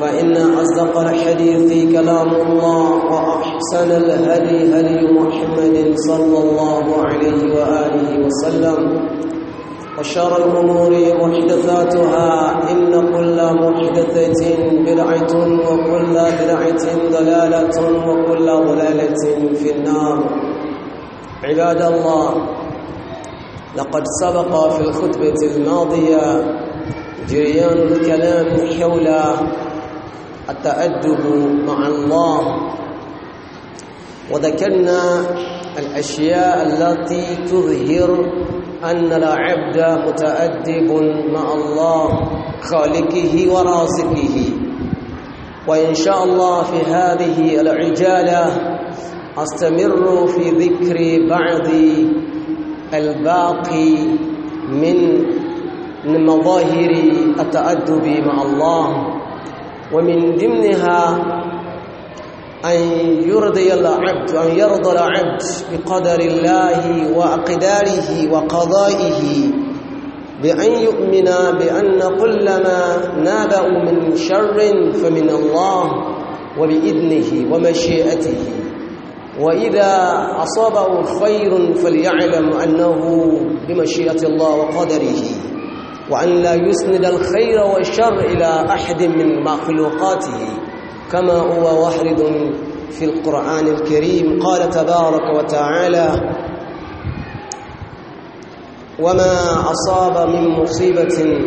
فإن أصدق الحديث كلام الله وأحسن الهدي هدي محمد صلى الله عليه وآله وسلم وشر الأمور محدثاتها إن كل محدثة بدعة وكل بدعة ضلالة وكل ضلالة في النار عباد الله لقد سبق في الخطبة الماضية جريان الكلام حول التأدب مع الله وذكرنا الأشياء التي تظهر أن العبد متأدب مع الله خالقه ورازقه وإن شاء الله في هذه العجالة أستمر في ذكر بعض الباقي من مظاهر التأدب مع الله ومن ضمنها أن يرضي العبد أن يرضى العبد بقدر الله وأقداره وقضائه بأن يؤمن بأن كل ما نابأ من شر فمن الله وبإذنه ومشيئته وإذا أصابه خير فليعلم أنه بمشيئة الله وقدره وأن لا يسند الخير والشر إلى أحد من مخلوقاته كما هو وحرد في القرآن الكريم قال تبارك وتعالى وما أصاب من مصيبة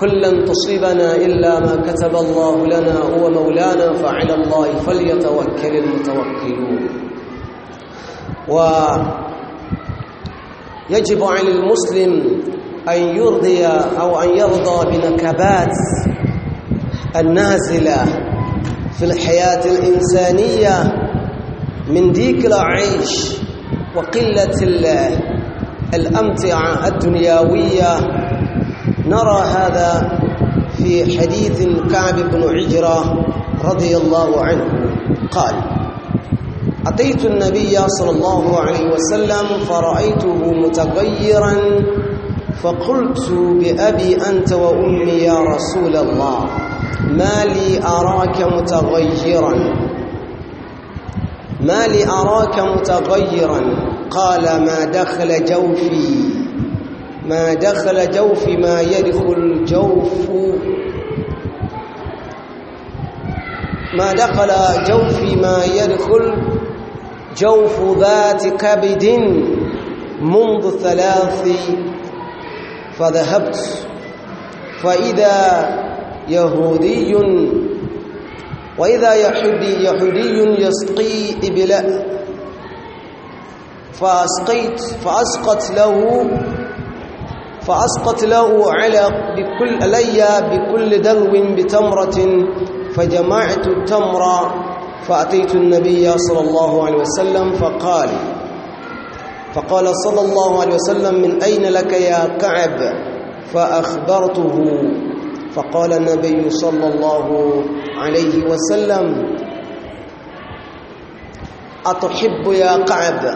كلا تصيبنا إلا ما كتب الله لنا هو مولانا فعلى الله فليتوكل المتوكلون ويجب على المسلم أن يرضي أو أن يرضى بنكبات النازلة في الحياة الإنسانية من ديك العيش وقلة الأمتعة الدنياوية نرى هذا في حديث كعب بن عجرة رضي الله عنه قال أتيت النبي صلى الله عليه وسلم فرأيته متغيرا فقلت بأبي أنت وأمي يا رسول الله ما لي أراك متغيرا ما لي أراك متغيرا قال ما دخل جوفي ما دخل جوفي ما يدخل جوف ما دخل جوفي ما يدخل جوف ذات كبد منذ ثلاث فذهبت فإذا يهودي وإذا يهودي يهودي يسقي إبلاء فأسقيت فأسقط له فأسقط له على بكل علي بكل دلو بتمرة فجمعت التمر فأتيت النبي صلى الله عليه وسلم فقال فقال صلى الله عليه وسلم من أين لك يا كعب فأخبرته فقال النبي صلى الله عليه وسلم أتحب يا كعب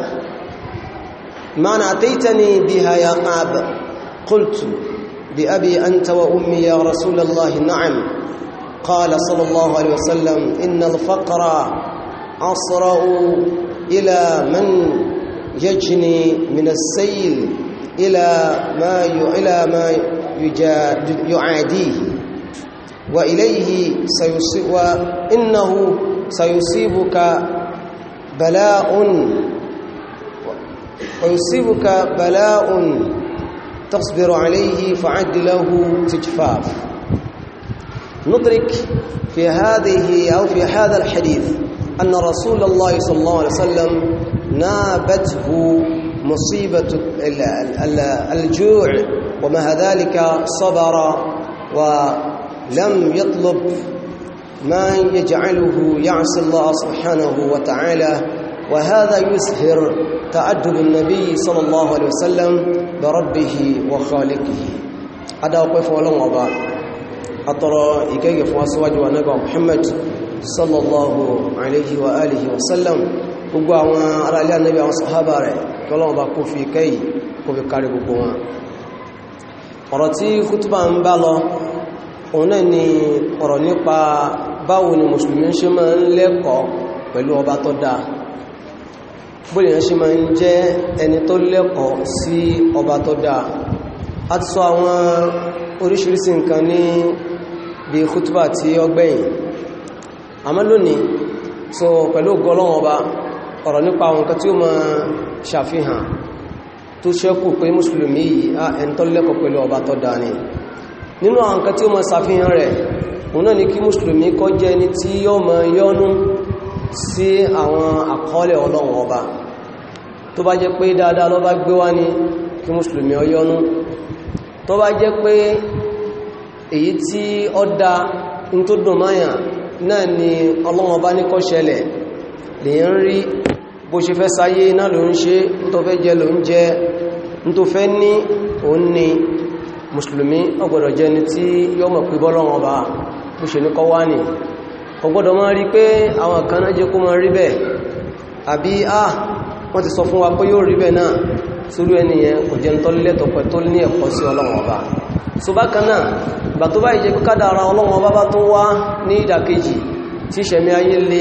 ما أتيتني بها يا كعب قلت بأبي أنت وأمي يا رسول الله نعم قال صلى الله عليه وسلم إن الفقر أصرأ إلى من يجني من السيل إلى ما إلى ما يعاديه وإليه سيصيب وإنه سيصيبك بلاء ويصيبك بلاء تصبر عليه فعد له تجفاف ندرك في هذه أو في هذا الحديث أن رسول الله صلى الله عليه وسلم نابته مصيبة الجوع ومع ذلك صبر ولم يطلب ما يجعله يعصي الله سبحانه وتعالى وهذا يسهر تأدب النبي صلى الله عليه وسلم بربه وخالقه هذا وقف ولم أبا أطرى إكيف وأسواج ونبع محمد صلى الله عليه وآله وسلم gbogbo àwọn ará ilé ànábì àwọn sàhábà rẹ̀ kọlọ́wọ́n bá kó fi kẹ́yì kó fi kárí gbogbo wọn ọ̀rọ̀ tí kútùbà ń bá lọ òun náà ni ọ̀rọ̀ nípa báwo ni mùsùlùmí ṣe máa ń lẹ́kọ̀ọ́ pẹ̀lú ọba tó dáa bóyá ṣe máa ń jẹ́ ẹni tó lẹ́kọ̀ọ́ sí ọba tó dáa a lónìí so pẹ̀lú gọlọ́wọ́n ọba ọ̀rọ̀ nípa àwọn nǹkan tí ó máa ṣàfihàn tó ṣẹ́kù pé mùsùlùmí yìí á ẹni tó lẹ́kọ̀ọ́ pẹ̀lú ọba tó dáa ni nínú àwọn nǹkan tí ó máa ṣàfihàn rẹ̀ òun náà ni kí mùsùlùmí kọ́ jẹ́ ẹni tí yọ́ máa yọ́nú sí àwọn àkọọ́lẹ̀ ọlọ́run ọba tó náà ni ọlọ́run ọba ní kó lè ń rí bó ṣe fẹ́ sáyé iná ló ń ṣe ń tó fẹ́ jẹ ló ń jẹ ń tó fẹ́ ní òun ni mùsùlùmí ọgbọ̀dọ̀ jẹ́ ni tí yọ́ mọ̀ pé bọ́lọ́wọ́ ọba bó ṣe ní kọ́wá nì ọgbọ́dọ̀ máa rí pé àwọn kan náà jẹ́ kó máa rí bẹ́ẹ̀ àbí à wọ́n ti sọ fún wa pé yóò rí bẹ́ẹ̀ náà sórí ẹniyẹn kò jẹ́ tọ́lẹ́tọ̀ tó ní ẹ̀kọ́ sí ọlọ́wọ́ ọba so bá bá tó wá ní ìdàkejì tí ìṣẹ̀mí ayé le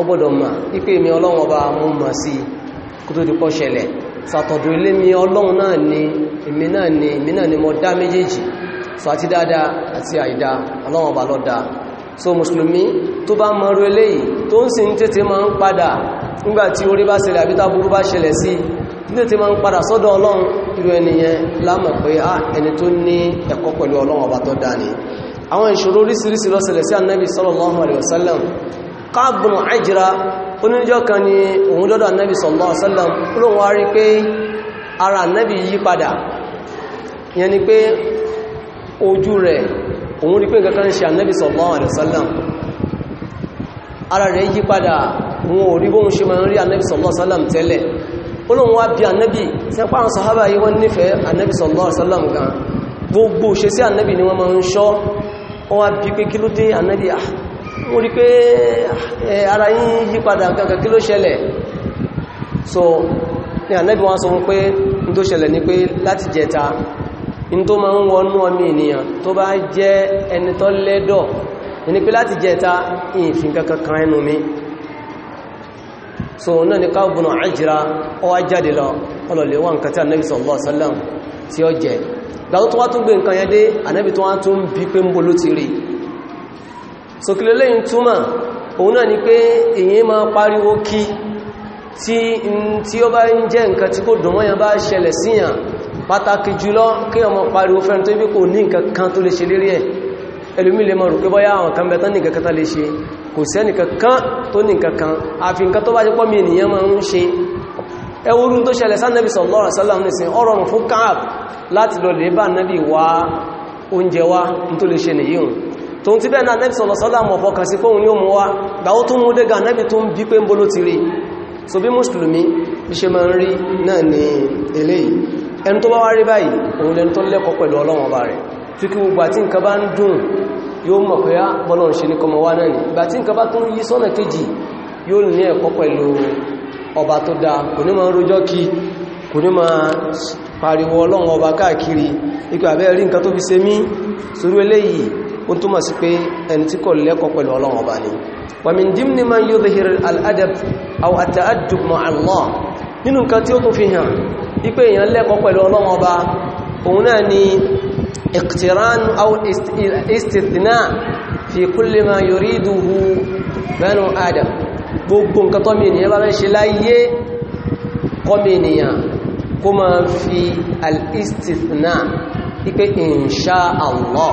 ọgbọ́dọ̀ mà ipe mi ọlọ́run ọba mú mà sí kó tó di pọ́ ṣẹlẹ̀ sàtọ̀dọ̀ ilé mi ọlọ́run náà ni èmi náà ni èmi náà ni mo dá méjèèjì so àti dáadáa àti àìdá ọlọ́run ọba ló dá so mùsùlùmí tó bá mọ̀rú eléyìí tó ń sin tètè máa ń padà nígbàtí orí bá ṣẹlẹ̀ àbí tábúrú bá ṣẹlẹ̀ sí tètè máa ń padà sọ́dọ̀ ọlọ́run irú ẹniyẹn lámọ̀ pé á ẹni tó ní ẹ̀kọ́ pẹ̀lú ọlọ́run ọba tó dá ni àwọn ìṣòro oríṣiríṣi ló ṣẹlẹ̀ sí annabi sallallahu alaihi wasallam káàbùn àìjíra oníjọ́ kan ni òun lọ́dọ̀ annabi sallallahu alaihi wasallam olóhun wá rí pé ara annabi yí padà yẹn ni pé ojú rẹ̀ òun rí pé kankan ṣe annabi sallallahu alaihi wasallam ara rẹ̀ yí padà òun ò rí bóhun ṣe ma ń rí annabi sallallahu alaihi wasallam tẹ́lẹ̀ olóhun wá bí annabi sẹ́pá àwọn sahaba yí wọ́n gbogbo ṣe sí annabi ni wọ́n ma ń ṣọ́ wọ́n wá bí pé kí ló dé annabi ah ó rí pé ara yín yípadà gangan kí ló so ní ànábì wọn sọ fún pé ní tó ṣẹlẹ̀ ní pé láti jẹta ní tó máa ń wọnú ọmọ ènìyàn tó bá jẹ́ ẹni tó lẹ́dọ̀ ní pé láti jẹta ìfin so náà ni káàbù náà àjíra ọwá jáde lọ ọlọ̀lẹ̀ wọn nǹkan tí ànábì sallallahu alaihi tí ó jẹ gbàtọ́ tó wá tún gbé nǹkan dé tó wá tún bí sókè lẹ́yìn túmọ̀ òun náà ni pé èyí máa pariwo kí tí tí ó bá ń jẹ́ nǹkan tí kò dùnmọ́yàn bá ṣẹlẹ̀ síyàn pàtàkì jùlọ kí ọmọ pariwo fẹ́ni tó bí kò ní nǹkan kan tó lè ṣe lérí ẹ̀ ẹlòmí lè mọ̀ rò pé bọ́yá àwọn kan bẹ̀tán nìkan kan lè ṣe kò sí ẹnìkan kan tó nìkan wá oúnjẹ tó lè ṣe nìyí hùn tó ń ti bẹ́ẹ̀ náà nẹ́bí sọ̀lọ̀ sọ́lá mọ̀ fọkàn sí fóun ní ó mú wá gbàwó tó mú dégà nẹ́bí tó ń bí pé ń bóló ti rí so bí mùsùlùmí bí ṣe máa ń rí náà ni eléyìí ẹni tó bá wá rí báyìí òun lẹni tó lẹ́kọ̀ọ́ pẹ̀lú ọlọ́wọ̀n bá rẹ̀ tí kí gbogbo àti nǹkan bá ń ah, ni ìgbà tí nǹkan bá tún yí sọ́nà kejì yóò ní ẹ̀kọ́ pẹ̀lú ọba tó dáa kò pariwo ọlọ́wọ̀n ọba káàkiri ikú àbẹ́ rí nǹkan tó fi ṣe mí sórí eléyìí ó túnmọ̀ sí pé ẹni tí kò lẹ́kọ̀ọ́ pẹ̀lú ọlọ́run ọba ni wa min dimni man yudhhir al-adab aw at-ta'addub ma'a Allah nínú nǹkan tí ó tó fi hàn wípé èèyàn lẹ́kọ̀ọ́ pẹ̀lú ọlọ́run ọba òun náà ni iqtiran aw istithna fi kulli ma yuriduhu kó ma fi al-istithna ipe insha Allah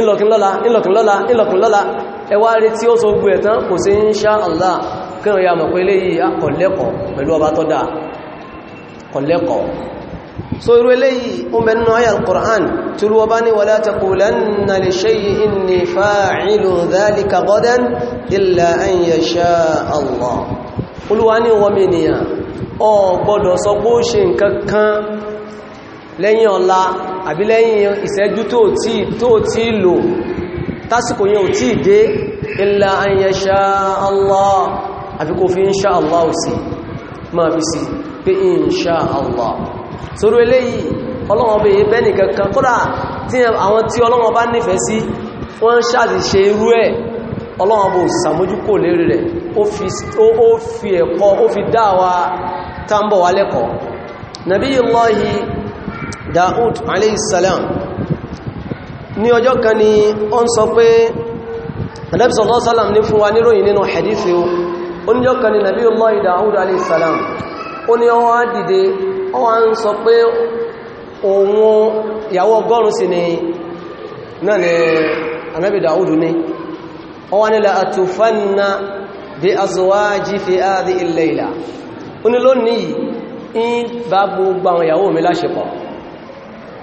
ńlọkínlọ́la ńlọkínlọ́la ńlọkínlọ́la ẹwà rí tí ó so gbé ẹ̀tán kò sí insha Allah kíran ya mọ̀ pé eléyìí akọ̀lẹ́kọ̀ pẹ̀lú ọba tọ́dá kọ̀lẹ́kọ̀ so irú eléyìí ó mẹ́nu ayà al-Qur'an tí ó bá ní wala taqulanna li shay'in fa'ilu dhalika ghadan illa an yasha Allah olúwa ní wọ́n mìnìyàn ọ gbọ́dọ̀ sọ pé ó ṣe lẹ́yìn ọ̀la àbí lẹ́yìn ìṣẹ́jú tó tí lò tásìkò yẹn ò tí dé illa an yasha Allah àbí kò fi insha Allah ò sí máa fi sí pé insha Allah sórú eléyìí ọlọ́wọ́n bèèrè bẹ́ẹ̀ nìkan kan kódà tí àwọn tí ọlọ́wọ́n bá nífẹ̀ẹ́ sí wọ́n ṣáàdì ṣe irú ẹ̀ ọlọ́wọ́n bò sàmójúkò lérí rẹ̀ ó fi ẹ̀kọ́ ó fi dáwà tábọ̀ wálẹ́kọ̀ọ́ nàbíyìí Daud aleyhisselam ní ọjọ́ kan ni ó ń sọ pé Ànábì sallallahu alaihi wasallam ní fún wa níròyìn nínú hadithi o oníjọ́ kan ni Nabiyullahi Daud aleyhisselam ó ní ọwọ́ dìde ọwọ́ ń sọ pé òun ìyàwó ọgọ́rùn sí ni náà ni ní ọwọ́ fi ní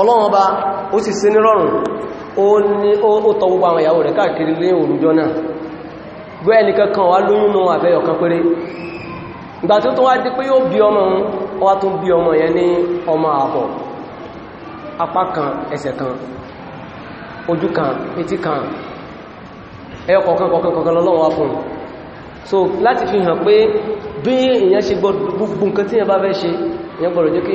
ọlọ́wọ́n bá ó sì sí rọrùn ó tọ gbogbo àwọn ìyàwó rẹ̀ káàkiri lé òrùjọ náà gbé ẹnìkan kan wá lóyún náà àfẹ́yọ̀ kan péré ìgbà tó tó wá bi pé yóò bí ọmọ wá tún bí ni àbọ̀ kan kan kan so láti fi pé bí ṣe gbogbo nǹkan tí bá fẹ́ ṣe jẹ́ kí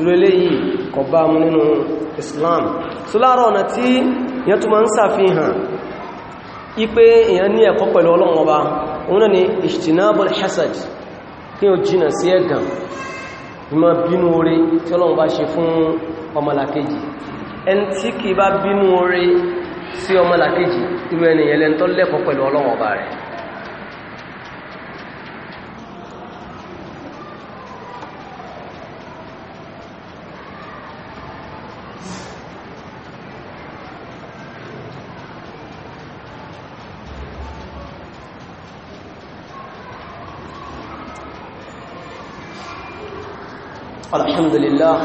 irú eléyìí kò bá nínú Islam so láàrọ̀ ọ̀nà tí ti tó máa ń sàfihàn ipé èyàn ní ẹ̀kọ́ pẹ̀lú Ọlọ́run Ọba òun náà ni ijtinabul hasad kí o jìnà sí ẹ̀gàn ìmọ̀ bínú orí tí Ọlọ́run ṣe fún ọmọlàkejì ẹni tí kì bá bínú orí sí ọmọlàkejì irú ẹni الحمد لله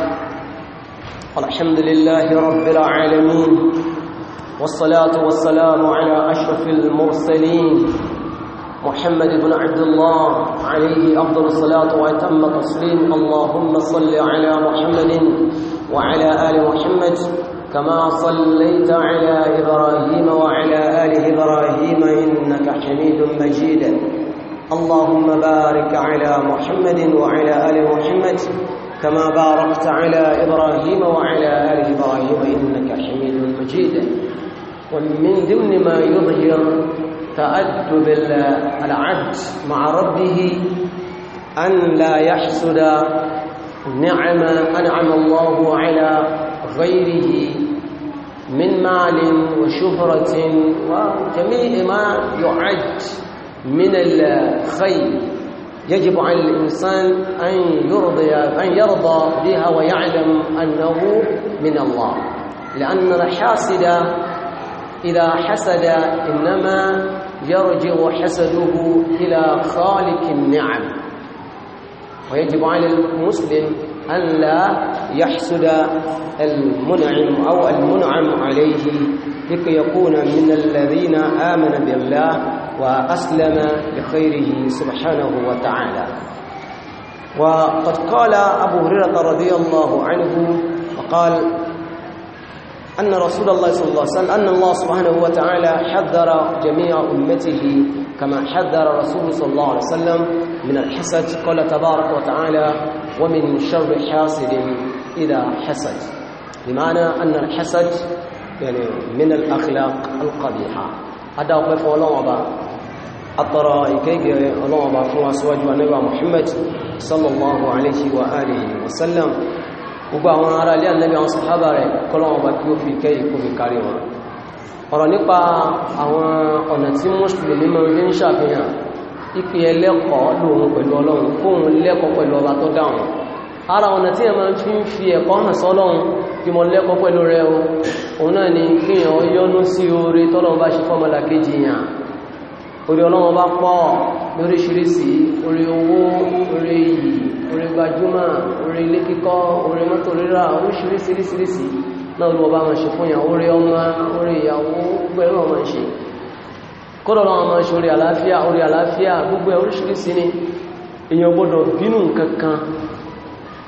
الحمد لله رب العالمين والصلاة والسلام على أشرف المرسلين محمد بن عبد الله عليه أفضل الصلاة وأتم التسليم اللهم صل على محمد وعلى آل محمد كما صليت على إبراهيم وعلى آل إبراهيم إنك حميد مجيد اللهم بارك على محمد وعلى آل محمد كما باركت على إبراهيم وعلى آل إبراهيم إنك حميد مجيد ومن ضمن ما يظهر تأدب العبد مع ربه أن لا يحسد نعم أنعم الله على غيره من مال وشهرة وجميع ما يعد من الخير يجب على الإنسان أن يرضي أن يرضى بها ويعلم أنه من الله لأن الحاسد إذا حسد إنما يرجع حسده إلى خالق النعم ويجب على المسلم أن لا يحسد المنعم أو المنعم عليه لكي يكون من الذين آمن بالله وأسلم لخيره سبحانه وتعالى وقد قال أبو هريرة رضي الله عنه وقال أن رسول الله صلى الله عليه وسلم أن الله سبحانه وتعالى حذر جميع أمته كما حذر رسول صلى الله عليه وسلم من الحسد قال تبارك وتعالى ومن شر حاسد إذا حسد بمعنى أن الحسد يعني من الأخلاق القبيحة adá ọpẹ́ fún ọlọ́wọ́n ọba atọrọ ìkẹ́gẹ̀ ọlọ́wọ́n ọba fún aṣíwájú anábà Muhammad sallallahu alaihi wa alihi wa sallam gbogbo àwọn ará ilé anábì àwọn sàhábà rẹ̀ kọlọ́wọ́n ọba kí ó fi kẹ́ ikú kárí ara ọ̀nà tí ẹ̀mà fi ń fi ẹ̀kọ́ hàn sọ́lọ́run bí mọ̀ lẹ́kọ́ pẹ̀lú rẹ̀ o òun náà ni kíyàn yọ́nú sí oore tọ́lọ́run bá ṣe fọ́mọ̀lá kejì yàn orí ọlọ́run bá pọ̀ lóríṣiríṣi orí owó orí iyì orí gbajúmọ̀ orí ilé kíkọ́ orí mọ́tò rírà oríṣiríṣiríṣiríṣi náà ló bá máa ṣe fún yàn ni èèyàn gbọ́dọ̀ bínú nǹkan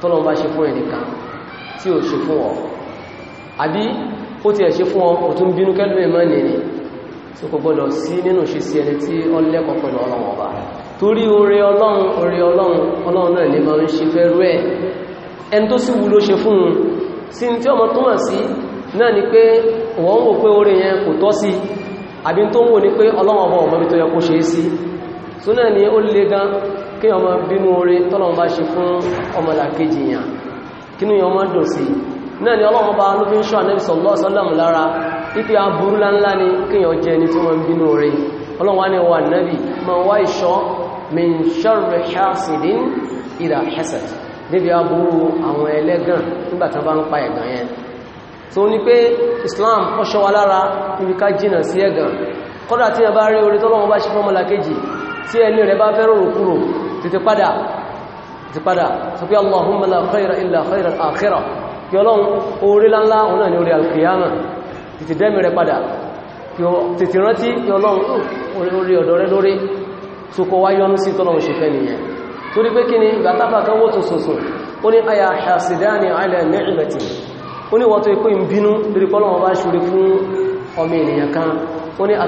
tọ́lọ́wọ́ bá ṣe fún ẹnìkan tí ó ṣe fún ọ àbí ó ti ẹ̀ ṣe fún ọ ò tún bínú kẹ́lú ẹ̀mọ́ nìní tí kò gbọ́dọ̀ sí nínú ṣe sí ẹni tí ó lẹ́kọ̀ọ́ pẹ̀lú ọlọ́run ọba torí oore ọlọ́run oore ọlọ́run ọlọ́run náà lè máa ń ṣe fẹ́rú ẹ̀ ẹni tó sì wúlò ṣe fún un sí tí ọmọ túmọ̀ sí náà ni pé wọ́n ń wò pé oore yẹn kò tọ́ sí àbí tó ń wò ní ó le gan kí ọmọ bínú orí tọ́lọ̀ bá ṣe fún ọmọlàkejì yàn kí ní ọmọ dùn sí náà ni ọlọ́run bá ló fi ń ṣọ́ ànẹ́bì sọ̀lọ́ lára ipi aburú láńlá ni kí yàn jẹ ní tí wọ́n bínú orí ọlọ́run wá ní wà nẹ́bì ma Islam ọṣọ́ wa lára ibi ká jìnà sí ẹ̀gàn kọ́dà tí a tí ẹni rẹ̀ bá fẹ́ràn òkúrò títí padà títí padà sọ pé allahumma la khayra illa khayra al-akhirah kí ọlọ́run orí láńlá òun náà ni orí al-qiyamah títí dẹ́mi rẹ̀ padà títí rántí kí ọlọ́run orí ọ̀dọ̀ rẹ̀ lórí tó kọ wá yọnú sí tọ́lọ́run ṣe fẹ́ nìyẹn torí pé kí ni ó ní aya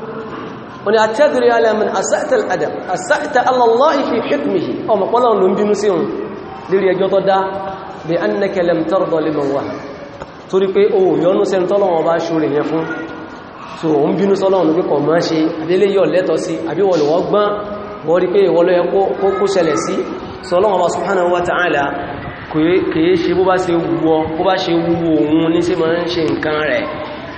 wọ́n ni àtẹ́dìrí alamin asáìtàl adam asáìtà allallahi fi hikmihi ọmọ pọ́lọ̀n ló ń bínú sí òun lérí ẹjọ́ tó dá bí an na kẹlẹm tọ́rọ̀dọ̀ liman wà torí pé o yọnú sẹ́ni tọ́lọ̀wọ̀n bá ṣúrẹ̀ yẹn fún so o ń bínú sọ́lọ̀wọ̀n pé kọ̀ máa ṣe àdílé yọ lẹ́tọ̀ sí àbí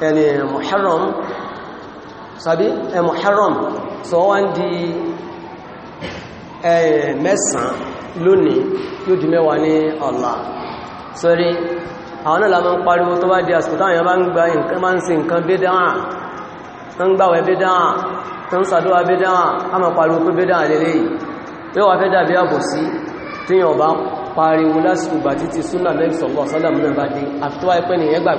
ẹni Muharram sàbí ẹ Muharram sọ wọ́n di mẹ́sàn lónìí yóò di mẹ́wàá ní ọ̀la sọ́rí àwọn náà lámọ́ ń pariwo tó bá di àsìkò táwọn èèyàn bá ń gba nǹkan máa ń ṣe nǹkan bídáà tó ń gbàwẹ̀ bídáà tó ń sàdúwà bídáà a máa pariwo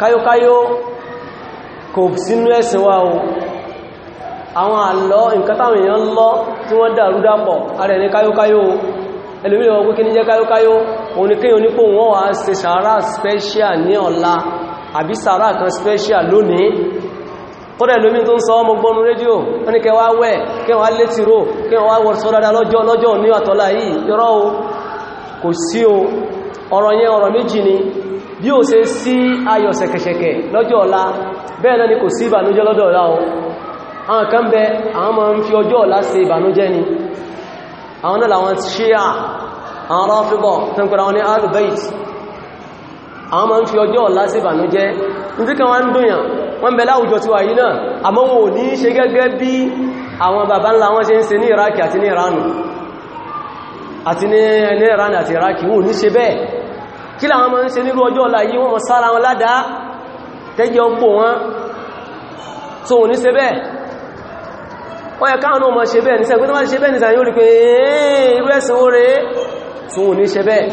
káyókáyó kò sínú ẹ̀sìn wa o àwọn àlọ́ nǹkan táwọn èèyàn lọ tí wọ́n dàrú dápọ̀ ara ẹni káyókáyó ẹlòmíì wọ́n kí ní jẹ́ káyókáyó òun ni kéyàn nípò wọ́n wá ṣe sàárà special ní ọ̀la àbí sàárà kan special lónìí kódà ẹlòmíì tó ń sọ ọmọ gbọ́nu rédíò wọ́n ni kẹwàá wẹ̀ kẹwàá létí ró kẹwàá wọ̀ sọ dáadáa lọ́jọ́ lọ́jọ́ ní àtọ́lá yìí yọ́rọ́ o ọ̀rọ̀ yẹn ọ̀rọ̀ méjì ni bí ó ṣe sí ayọ̀ ṣẹ̀kẹ̀ṣẹ̀kẹ̀ lọ́jọ́ ọ̀la bẹ́ẹ̀ náà ni kò sí ìbànújẹ́ lọ́dọ̀ ọ̀la o àwọn kan bẹ àwọn máa ń fi ọjọ́ ọ̀la ṣe ìbànújẹ́ ni àwọn náà làwọn ṣíà àwọn ráfíbọ̀ tó ń pẹ̀lú àwọn ní alubait àwọn máa ń fi ọjọ́ ọ̀la ṣe ìbànújẹ́ ní kan wá ń dùnyàn wọ́n bẹ wọn ò kí làwọn máa ń ṣe nírú ọjọ́ ọ̀la yìí wọ́n mọ̀ sára wọn ládàá tẹ́jẹ́ ọpọ̀ wọn tó wọ́n ní ṣe bẹ́ẹ̀ ó yẹ káwọn náà mọ̀ ṣe bẹ́ẹ̀ nísẹ́ pé tó bá ṣe bẹ́ẹ̀ nísẹ́ yóò rí pé irú ẹ̀sìn oore tó wọ́n ní ṣe bẹ́ẹ̀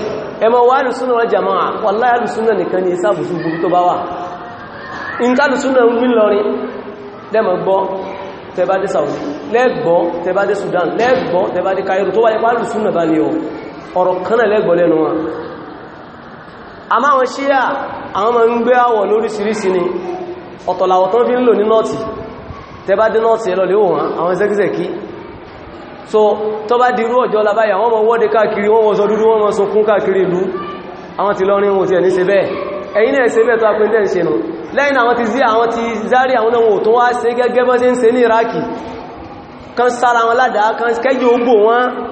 Saudi lẹ́gbọ́ tẹ bá dé Sudan lẹ́gbọ́ tẹ bá dé Cairo tó wáyé pálùsúnà bá ní ọ ọ̀rọ̀ kan lẹ́gbọ́ lẹ́nu wọn a máa wọn ṣíyà àwọn ma ń gbé àwọ̀ lóríṣìíríṣìí ni ọ̀tọ̀làwọ̀ tó fi ń lò ní nọ́ọ̀tì tẹ bá dé nọ́ọ̀tì ẹlọ́lẹ̀ òun àwọn ṣẹ́kíṣẹ́kí so tó bá dirú ọjọ́ labáyà wọ́n mọ wọ́de káàkiri wọ́n wọ́n sọ dúdú wọ́n mọ sunkún káàkiri ìlú àwọn ti lọ́rin wọn ti ẹ̀ ní ṣe bẹ́ẹ̀ ẹ̀yìn náà ṣe bẹ́ẹ̀ tó apẹ́ tẹ́ ń ṣe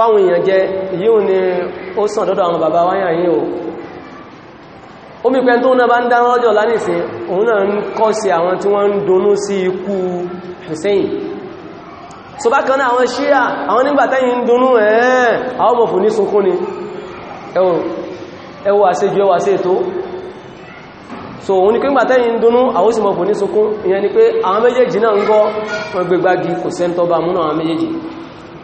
fáwọn èèyàn jẹ yíò ni ó sàn dọ́dọ̀ àwọn bàbá wáyà yìí o omi pẹ́ tó náà bá ń dáná ọjọ́ lánìsìn òun náà ń kọ́ sí àwọn tí wọ́n ń donú sí ikú Hussein so bákan náà àwọn ṣíà àwọn nígbàtẹ́yìn ń donú ẹ̀ẹ́ àwọn ọmọ fún ní sunkún ni ẹwọ àṣejù ẹwọ àṣe ètò so òun ni pé nígbàtẹ́yìn ń donú àwọn sì mọ̀ fún ní sunkún ìyẹn ni pé àwọn méjèèjì náà ń gọ́ wọn gbẹgbági kò sẹ́ntọ́ bá múnà àwọn méjèèjì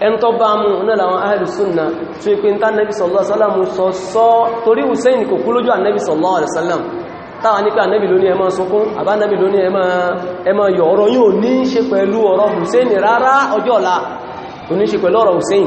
ẹn tó bá mú náà àwọn ahlu sunna tó ipé ń tá nẹ́bí sallallahu alaihi sọ sọ torí Hussein kò kú lójú ànẹ́bí sallallahu alaihi wasallam táwà nípa ànẹ́bí lóní ẹmọ́ sunkún àbá ànẹ́bí lóní ẹmọ́ yọ yóò ní ṣe pẹ̀lú ọ̀rọ̀ Hussein rárá ọjọ́ Hussein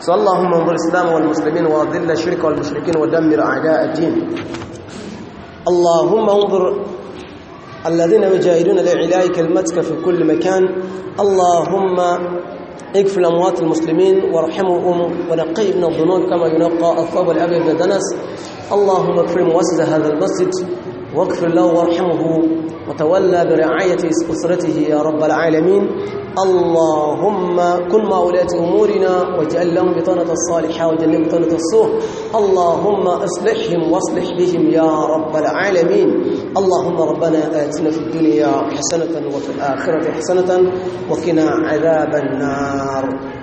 صلى اللهم انظر الإسلام والمسلمين وأذل الشرك والمشركين ودمر أعداء الدين اللهم انظر الذين يجاهدون لإعلاء كلمتك في كل مكان اللهم اكفل أموات المسلمين وارحمهم ونقي من الظنون كما ينقى الثوب الأبيض من الدنس اللهم اكفل مؤسس هذا المسجد واغفر له وارحمه وتولى برعاية أسرته يا رب العالمين اللهم كن مع ولاة أمورنا واجعل لهم بطانة الصالحة وجنب بطانة السوء اللهم أصلحهم واصلح بهم يا رب العالمين اللهم ربنا آتنا في الدنيا حسنة وفي الآخرة حسنة وقنا عذاب النار